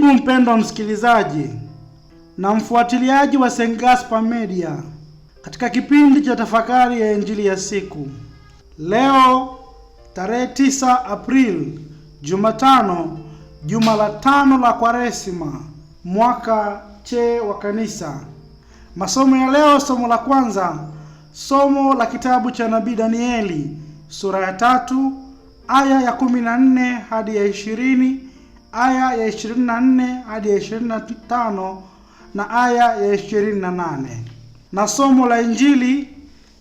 Karibu mpendwa msikilizaji na mfuatiliaji wa St. Gaspar Media katika kipindi cha tafakari ya injili ya siku. Leo tarehe 9 Aprili, Jumatano, juma la tano la Kwaresima, mwaka che wa Kanisa. Masomo ya leo, somo la kwanza, somo la kitabu cha nabii Danieli sura ya tatu aya ya 14 hadi ya ishirini aya ya 24 hadi ya 25 na aya ya 28. Na somo la Injili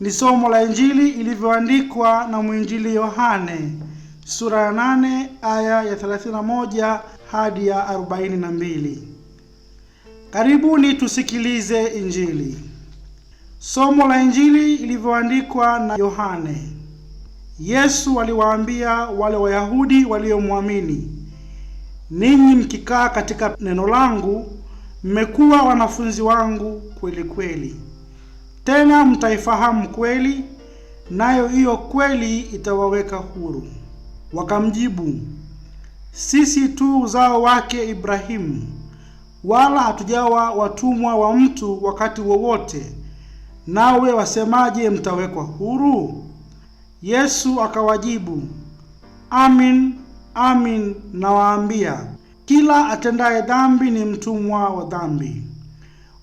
ni somo la Injili ilivyoandikwa na mwinjili Yohane sura ya 8 aya ya 31 hadi ya 42. Karibuni tusikilize Injili. Somo la Injili ilivyoandikwa na Yohane. Yesu aliwaambia wale Wayahudi waliomwamini ninyi mkikaa katika neno langu, mmekuwa wanafunzi wangu kweli kweli, tena mtaifahamu kweli, nayo hiyo kweli itawaweka huru. Wakamjibu, sisi tu uzao wake Ibrahimu, wala hatujawa watumwa wa mtu wakati wowote, nawe wasemaje mtawekwa huru? Yesu akawajibu, amin Amin nawaambia, kila atendaye dhambi ni mtumwa wa dhambi.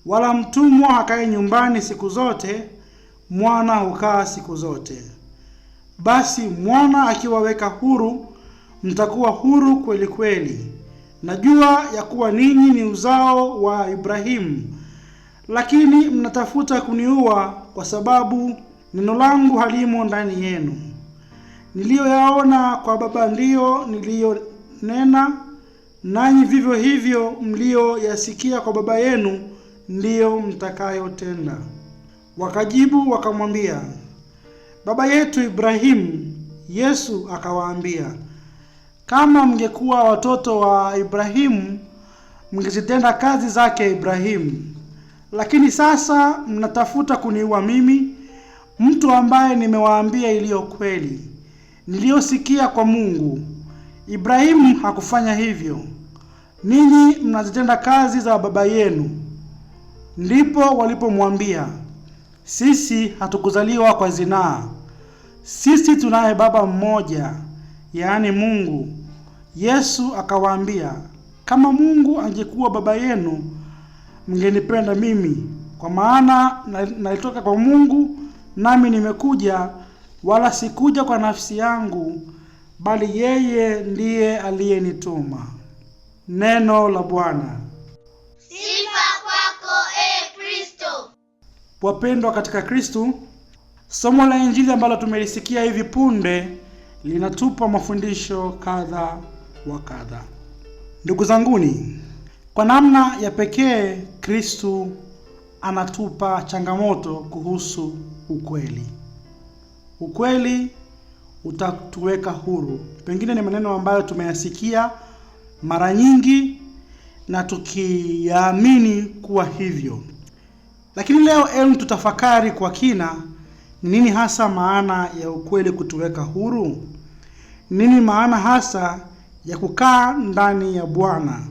Wala mtumwa hakae nyumbani siku zote, mwana hukaa siku zote. Basi mwana akiwaweka huru, mtakuwa huru kweli kweli. Najua ya kuwa ninyi ni uzao wa Ibrahimu, lakini mnatafuta kuniua, kwa sababu neno langu halimo ndani yenu niliyoyaona kwa Baba ndiyo niliyonena, nanyi vivyo hivyo mliyoyasikia kwa baba yenu ndiyo mtakayotenda. Wakajibu wakamwambia, baba yetu Ibrahimu. Yesu akawaambia, kama mngekuwa watoto wa Ibrahimu mngezitenda kazi zake Ibrahimu, lakini sasa mnatafuta kuniua mimi, mtu ambaye nimewaambia iliyo kweli niliyosikia kwa Mungu. Ibrahimu hakufanya hivyo, ninyi mnazitenda kazi za baba yenu. Ndipo walipomwambia, sisi hatukuzaliwa kwa zinaa, sisi tunaye baba mmoja, yaani Mungu. Yesu akawaambia, kama Mungu angekuwa baba yenu, mngenipenda mimi, kwa maana nalitoka kwa Mungu, nami nimekuja wala sikuja kwa nafsi yangu, bali yeye ndiye aliyenituma. Neno la Bwana. Sifa kwako e Kristo. Wapendwa katika Kristo, somo la Injili ambalo tumelisikia hivi punde linatupa mafundisho kadha wa kadha. Ndugu zanguni, kwa namna ya pekee Kristo anatupa changamoto kuhusu ukweli. Ukweli utatuweka huru. Pengine ni maneno ambayo tumeyasikia mara nyingi na tukiyaamini kuwa hivyo, lakini leo elu tutafakari kwa kina nini hasa maana ya ukweli kutuweka huru. Nini maana hasa ya kukaa ndani ya Bwana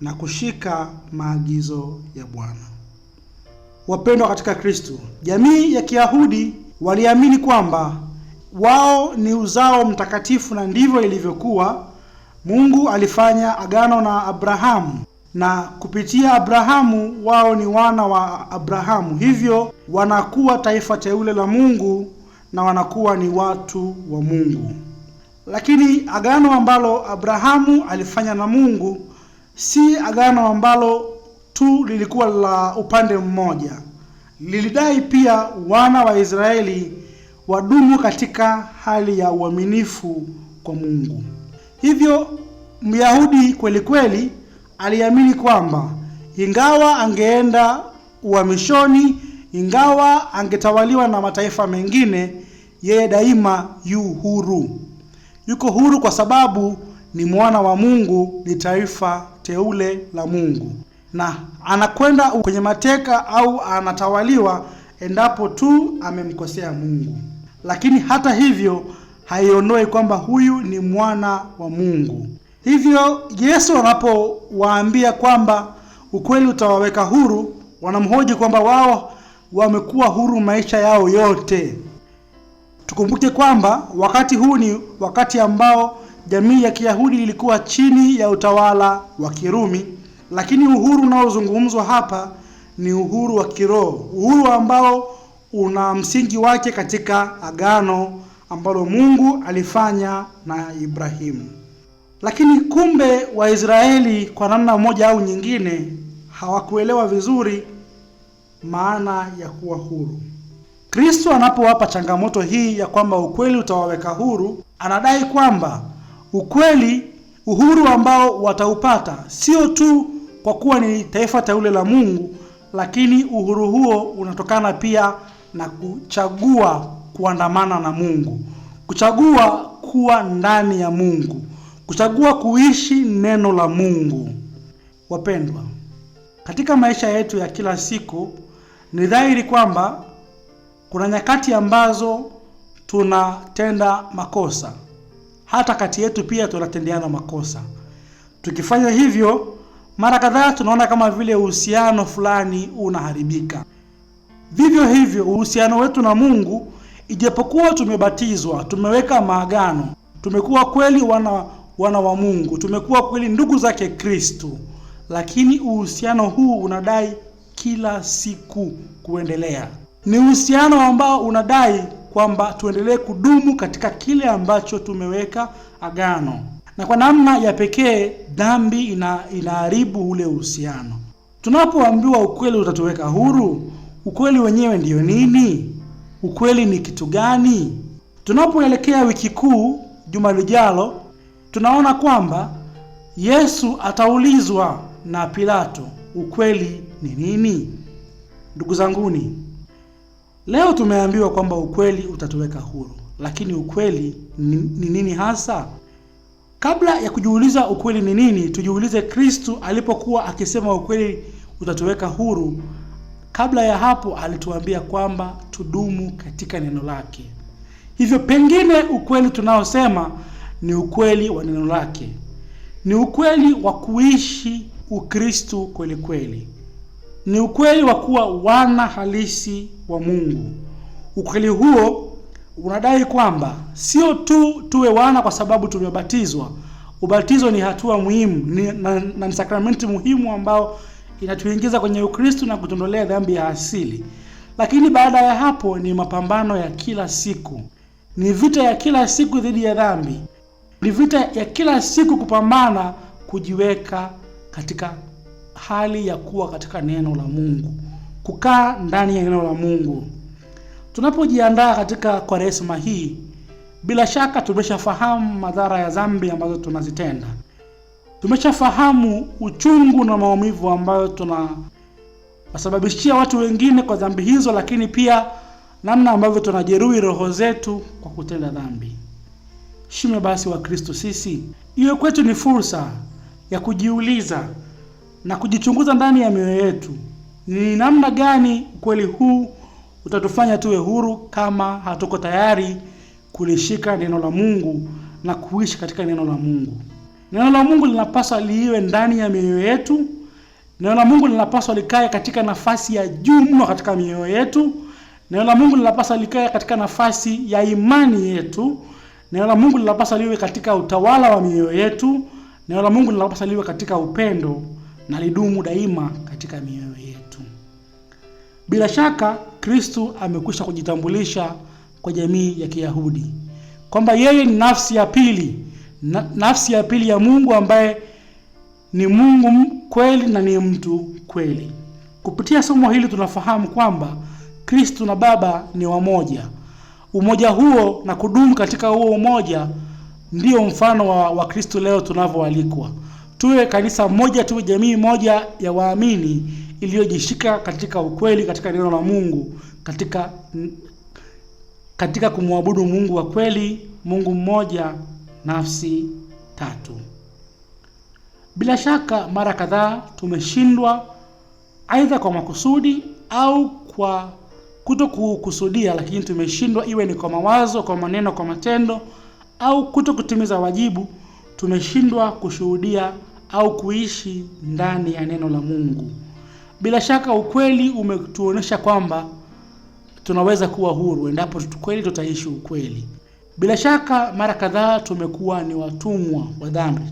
na kushika maagizo ya Bwana? Wapendwa katika Kristo, jamii ya Kiyahudi waliamini kwamba wao ni uzao mtakatifu, na ndivyo ilivyokuwa. Mungu alifanya agano na Abrahamu na kupitia Abrahamu wao ni wana wa Abrahamu, hivyo wanakuwa taifa teule la Mungu na wanakuwa ni watu wa Mungu. Lakini agano ambalo Abrahamu alifanya na Mungu si agano ambalo tu lilikuwa la upande mmoja lilidai pia wana wa Israeli wadumu katika hali ya uaminifu kwa Mungu. Hivyo Myahudi kweli kweli aliamini kwamba ingawa angeenda uhamishoni, ingawa angetawaliwa na mataifa mengine, yeye daima yu huru. Yuko huru kwa sababu ni mwana wa Mungu, ni taifa teule la Mungu na anakwenda kwenye mateka au anatawaliwa endapo tu amemkosea Mungu. Lakini hata hivyo haiondoi kwamba huyu ni mwana wa Mungu. Hivyo Yesu anapowaambia kwamba ukweli utawaweka huru, wanamhoji kwamba wao wamekuwa huru maisha yao yote. Tukumbuke kwamba wakati huu ni wakati ambao jamii ya Kiyahudi ilikuwa chini ya utawala wa Kirumi lakini uhuru unaozungumzwa hapa ni uhuru wa kiroho, uhuru ambao una msingi wake katika agano ambalo Mungu alifanya na Ibrahimu. Lakini kumbe Waisraeli kwa namna moja au nyingine hawakuelewa vizuri maana ya kuwa huru. Kristo anapowapa changamoto hii ya kwamba ukweli utawaweka huru, anadai kwamba ukweli, uhuru ambao wataupata sio tu kwa kuwa ni taifa teule la Mungu, lakini uhuru huo unatokana pia na kuchagua kuandamana na Mungu, kuchagua kuwa ndani ya Mungu, kuchagua kuishi neno la Mungu. Wapendwa, katika maisha yetu ya kila siku ni dhahiri kwamba kuna nyakati ambazo tunatenda makosa, hata kati yetu pia tunatendeana makosa. Tukifanya hivyo mara kadhaa tunaona kama vile uhusiano fulani unaharibika. Vivyo hivyo uhusiano wetu na Mungu, ijapokuwa tumebatizwa, tumeweka maagano, tumekuwa kweli wana, wana wa Mungu, tumekuwa kweli ndugu zake Kristu, lakini uhusiano huu unadai kila siku kuendelea. Ni uhusiano ambao unadai kwamba tuendelee kudumu katika kile ambacho tumeweka agano na kwa namna ya pekee dhambi ina, inaharibu ule uhusiano. Tunapoambiwa ukweli utatuweka huru, ukweli wenyewe ndiyo nini? Ukweli ni kitu gani? Tunapoelekea wiki kuu juma lijalo, tunaona kwamba Yesu ataulizwa na Pilato, ukweli ni nini? Ndugu zanguni, leo tumeambiwa kwamba ukweli utatuweka huru, lakini ukweli ni nini hasa? Kabla ya kujiuliza ukweli ni nini, tujiulize Kristu alipokuwa akisema ukweli utatuweka huru. Kabla ya hapo alituambia kwamba tudumu katika neno lake. Hivyo pengine ukweli tunaosema ni ukweli wa neno lake, ni ukweli wa kuishi Ukristu kweli kweli, ni ukweli wa kuwa wana halisi wa Mungu. Ukweli huo unadai kwamba sio tu tuwe wana kwa sababu tumebatizwa. Ubatizo ni hatua muhimu ni, na, na ni sakramenti muhimu ambao inatuingiza kwenye Ukristo na kutondolea dhambi ya asili, lakini baada ya hapo ni mapambano ya kila siku, ni vita ya kila siku dhidi ya dhambi, ni vita ya kila siku kupambana kujiweka katika hali ya kuwa katika neno la Mungu, kukaa ndani ya neno la Mungu. Tunapojiandaa katika Kwaresma hii, bila shaka tumeshafahamu madhara ya dhambi ambazo tunazitenda. Tumeshafahamu uchungu na maumivu ambayo tunawasababishia watu wengine kwa dhambi hizo, lakini pia namna ambavyo tunajeruhi roho zetu kwa kutenda dhambi. Shime basi wa Kristo, sisi iwe kwetu ni fursa ya kujiuliza na kujichunguza ndani ya mioyo yetu, ni namna gani ukweli huu utatufanya tuwe huru kama hatuko tayari kulishika neno la Mungu na kuishi katika neno la Mungu. Neno la Mungu linapaswa liwe ndani ya mioyo yetu. Neno la Mungu linapaswa likae katika nafasi ya juu mno katika mioyo yetu. Neno la Mungu linapaswa likae katika nafasi ya imani yetu. Neno la Mungu linapaswa liwe katika utawala wa mioyo yetu. Neno la Mungu linapaswa liwe katika upendo na lidumu daima katika mioyo yetu. Bila shaka Kristu amekwisha kujitambulisha kwa jamii ya Kiyahudi kwamba yeye ni nafsi ya pili na, nafsi ya pili ya Mungu ambaye ni Mungu kweli na ni mtu kweli. Kupitia somo hili tunafahamu kwamba Kristu na Baba ni wamoja. Umoja huo na kudumu katika huo umoja ndio mfano wa Wakristu leo tunavyoalikwa tuwe kanisa moja, tuwe jamii moja ya waamini iliyojishika katika ukweli, katika neno la Mungu, katika katika kumwabudu Mungu wa kweli, Mungu mmoja, nafsi tatu. Bila shaka mara kadhaa tumeshindwa aidha kwa makusudi au kwa kuto kukusudia, lakini tumeshindwa, iwe ni kwa mawazo, kwa maneno, kwa matendo au kuto kutimiza wajibu, tumeshindwa kushuhudia au kuishi ndani ya neno la Mungu. Bila shaka ukweli umetuonesha kwamba tunaweza kuwa huru endapo kweli tutaishi ukweli. Bila shaka mara kadhaa tumekuwa ni watumwa wa dhambi.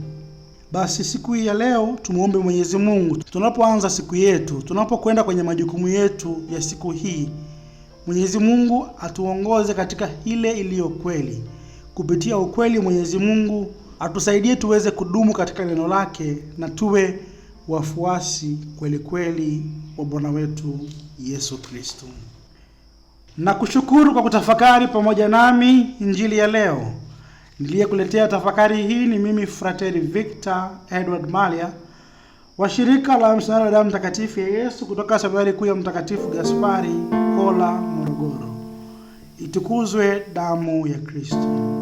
Basi siku hii ya leo tumuombe Mwenyezi Mungu, tunapoanza siku yetu, tunapokwenda kwenye majukumu yetu ya siku hii, Mwenyezi Mungu atuongoze katika ile iliyo kweli. Kupitia ukweli, Mwenyezi Mungu atusaidie tuweze kudumu katika neno lake na tuwe wafuasi kweli kweli wa Bwana wetu Yesu Kristo. Na kushukuru kwa kutafakari pamoja nami injili ya leo. Niliyekuletea tafakari hii ni mimi Frateri Victor Edward Malia wa shirika la msalaba wa damu mtakatifu ya Yesu kutoka seminari kuu ya Mtakatifu Gaspari Kola, Morogoro. Itukuzwe damu ya Kristo!